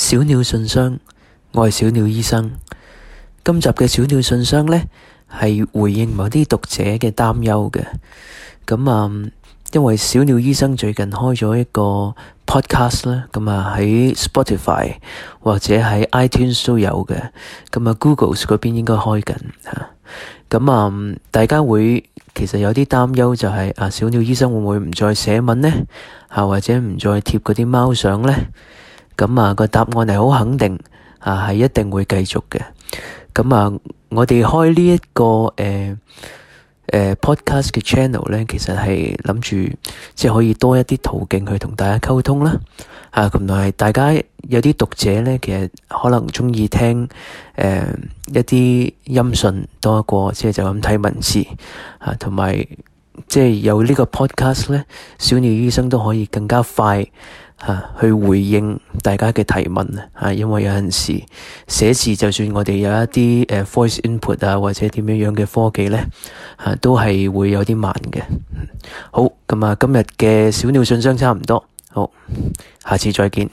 小鳥信箱，我係小鳥醫生。今集嘅小鳥信箱呢，係回應某啲讀者嘅擔憂嘅。咁、嗯、啊，因為小鳥醫生最近開咗一個 podcast 啦、嗯，咁啊喺 Spotify 或者喺 iTunes 都有嘅。咁、嗯、啊，Google 嗰邊應該開緊吓。咁、嗯、啊、嗯，大家會其實有啲擔憂就係、是、啊，小鳥醫生會唔會唔再寫文呢？啊，或者唔再貼嗰啲貓相咧？咁啊，個答案係好肯定啊，係一定會繼續嘅。咁、嗯、啊，我哋開呢、這、一個誒誒、呃呃、podcast 嘅 channel 咧，其實係諗住即係可以多一啲途徑去同大家溝通啦。啊，同埋大家有啲讀者咧，其實可能鍾意聽誒、呃、一啲音訊多過，即係就咁睇文字啊，同埋即係有呢個 podcast 咧，小鳥醫生都可以更加快嚇、啊、去回應。大家嘅提問，啊，因為有陣時寫字就算我哋有一啲誒 voice input 啊，或者點樣樣嘅科技咧，啊都係會有啲慢嘅。好，咁啊，今日嘅小鳥信箱差唔多，好，下次再見。